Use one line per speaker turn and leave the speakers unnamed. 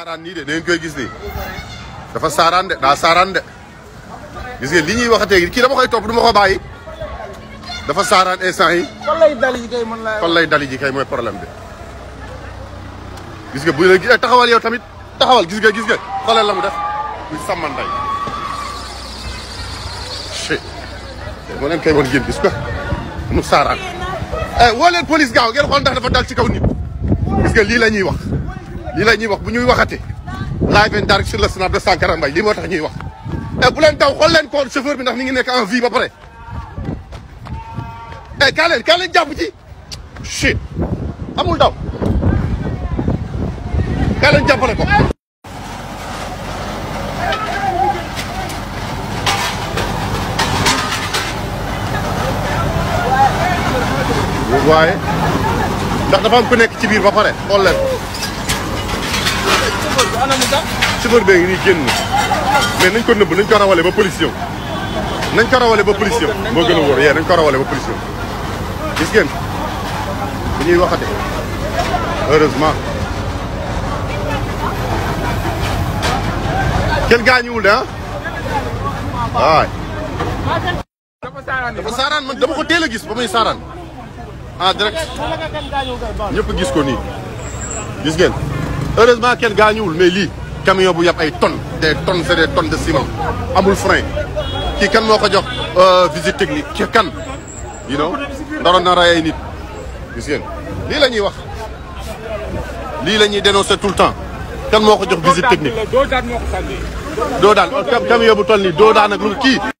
Saran ni de da ngeen koy gis nii dafa saaraan de daa saaraan de gis ngeen li ñuy waxatee kii dama koy saran, du ma ko bàyyi dafa saaraan instant yi. fan lay dali ji kay mën laa fan lay dali ji kay mooy problème bi. gis nga bu ñu taxawal yow tamit taxawal gis nga gis nga xoolal la def muy gis ko mu police gaaw ngeen xool ndax dafa dal ci kaw nit gis nga wax. lii la ñuy wax bu ñuy waxate live en direct sur le snap de Sankara Mbaye lii moo tax ñuy wax e bu leen daw xool leen ko chauffeur bi ndax mi ngi nekk en vie ba pare e kaa leen kaa leen jàpp ci amul daw kaa leen jàppale ko waaye ndax dafa am ku nekk ci biir ba pare xool leen chauffeur bee ngi nii génn mais nañ ko nëbb nañ ko rawale ba police yow nañ ko rawale ba police yow moo gën a wóor yee nañ ko rawale ba police yow gis ngeen bu ñuy waxate heureusement kenn gaañuwul de ah waay dafa saaraan man dama ko teel a gis ba muy saaraan en ah, direct ñëpp gis ko nii gis ngeen heureusement qu'elle gagne, mais lui, camion y a des tonnes des tonnes c'est des tonnes de ciment amul frein qui kan de euh, ciment. visite technique ci kan you know dans un nit tout le temps kan moi quand jox visite technique camion